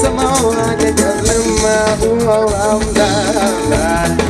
sama waja jalan mau awam dalam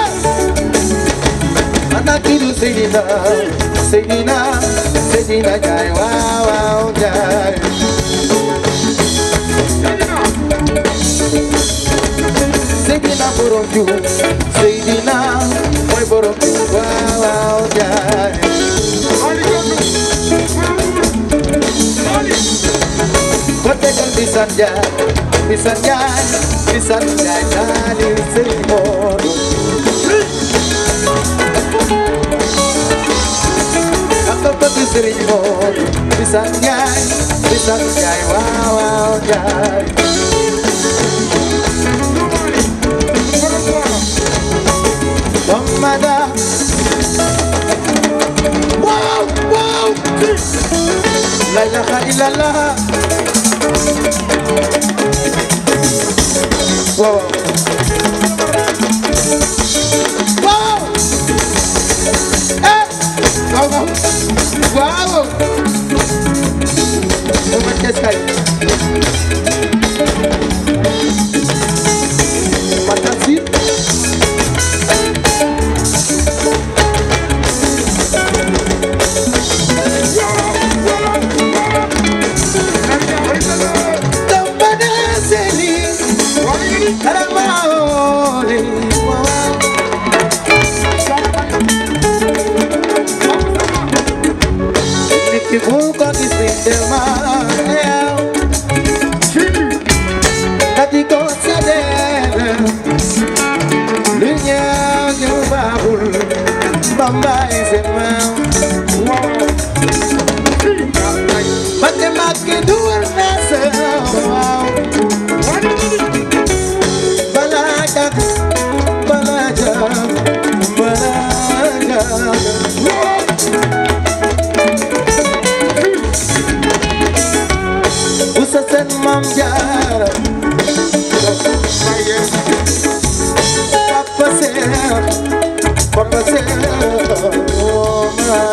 Mana tiru Sedina, Sedina, Sedina jai wow wow jai. Sedina borongju, Sedina, boy borongju wow wow jai. Kote kan bisan jai, bisan jai, bisan jai jai sirimo. ci sëriñ boor di sant Njaay di sant Njaay waaw waaw Njaay Mamada waaw waaw la ilaha illallah tu con đi tìm đều mà theo ta thì có sẽ đến lưu nhà như ba bùn bấm bay dẹp mèo bắt em mặc cái đuôi nè sợ Balajak, balajak,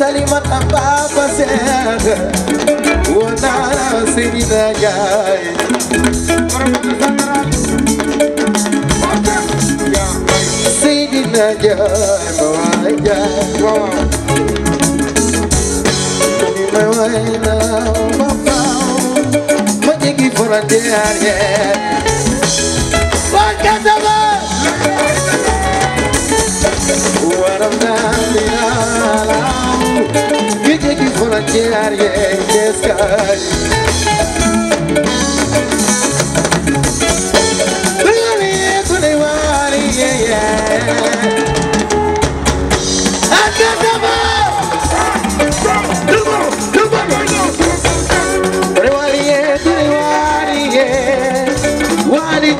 سليمة بابا سيغ ونارا سيدنا جاي سيدنا جاي مواي جاي مواي ناو مفاو مجيكي فرندي عريان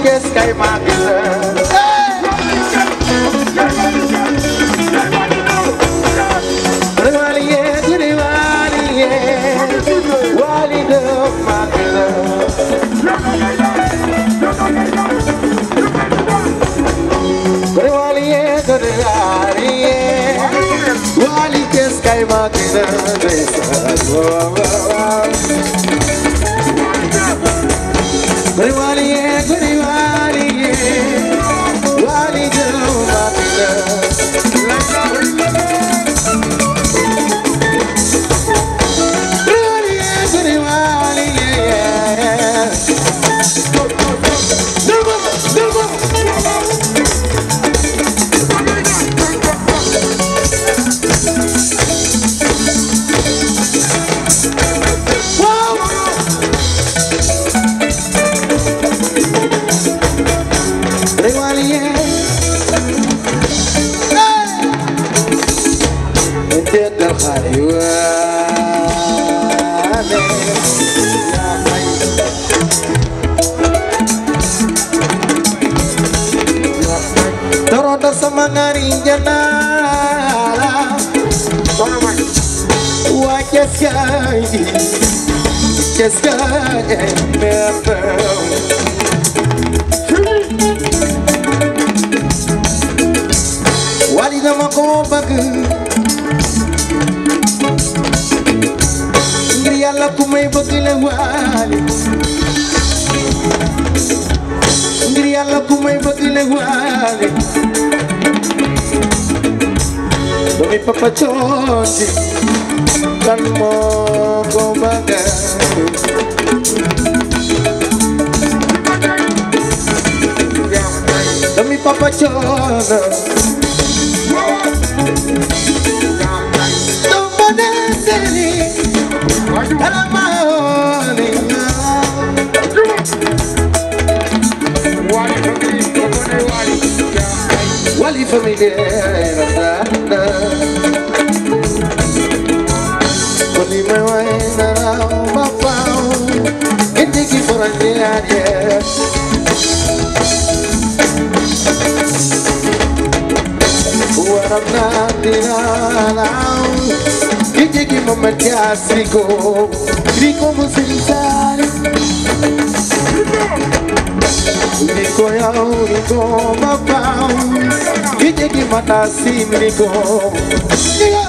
qu'est-ce qu'elle m'a dit Wali kes kai ma kina desa, roda semangarnya nala wajah sky ngir yàlla ku may bëgg la waali Bumipapachondi Kan mo gumaga Bumipapachondi Tumbadesini Alamani Wali familia Wali familia materana que llegue un momento asigo rico musitar rico ya rico mapau que llegue matasim rico Yeah.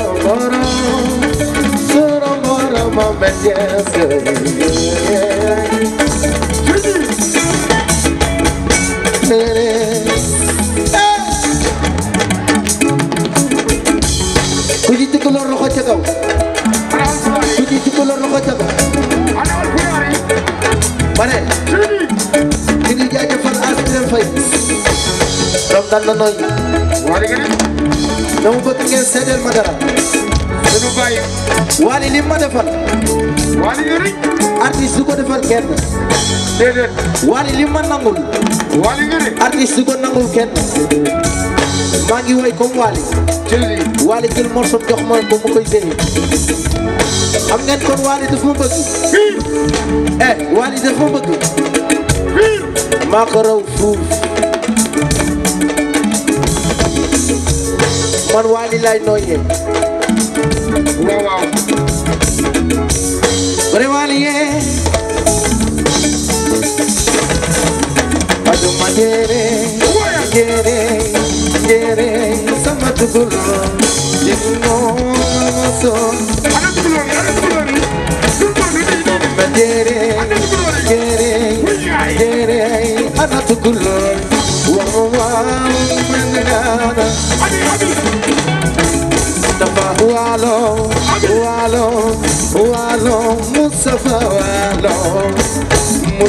dal na nooy dama bëgg ngeen seedeel ma dara du bàyyi. Wally li ma defal. Wally nga rëy. artiste du ko defal kenn. déedéet. Wally li ma nangul. Wally nga rëy. artiste du ko nangul kenn. maa ngi woy comme Wally. jërëjëf Wally jël morceau jox ma ko mu koy jëlee. am ngeen kon Wally daf ma bëgg. fii. eh Wally daf ma bëgg. fii. maa ko raw fuuf. man Wally lay nooyee. ఒరే వాలియే ಅದು ಮನೇರೆ ಗೆರೆ ಗೆರೆ ಸಮತುಗುರು ಎನ್ನೋ ಸೋ ಮನೇರೆ ಗೆರೆ ಗೆರೆ ಅನತುಗುರು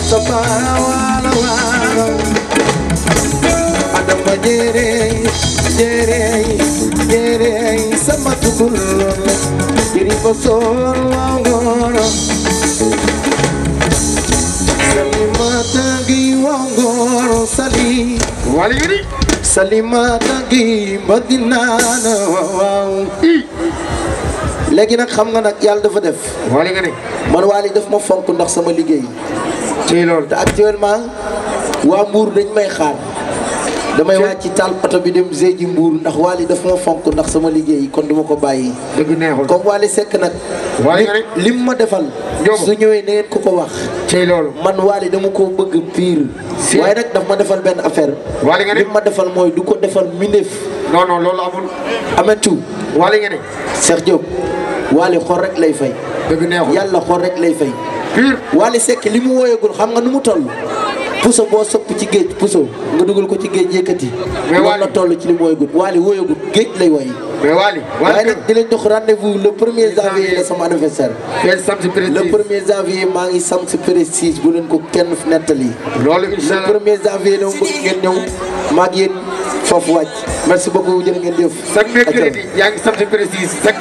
Mustafa wala wala adama jere jere jere sama tukul jere bosol wangoro salimata gi wangoro sali waligiri salimata gi madina na waaw léegi nag xam nga nag yàlla dafa def waligiri man waali daf ndax sama liggéey ci loolu te actuellement waa mbuur dañ may xaar. damay wàcc ci taal oto bi dem Zéji Mbour ndax Waly daf ma fonk ndax sama liggéey kon duma ko bàyyi. dëgg neexul comme Waly Seck nag. li lim ma defal. su ñëwee na ngeen ko ko wax. ci loolu man Waly dama koo bëgg pire. waaye rek daf ma defal benn affaire. Waly nga ne lim ma defal mooy du ko defal mindeef. non non loolu amul. amatu. Waly nga ne. Cheikh Diop Waly xor rek lay fay. dëgg neexul yàlla xor rek lay fay. Hmm? Wally Seck li mu wooyagul xam nga nu mu toll puso boo sopp ci géej puso nga dugal ko ci géej yëkkati loolu la toll ci li mu wooyagul Wally wooyagul géej lay woy mais Wally waaye nag di leen jox rendez-vous le premier janvier la sama anniversaire le premier janvier maa ngi sam si prestige bu leen ko kenn fi nettali loolu le premier janvier la bëgg ngeen ñëw maag yéen foofu sam si prestige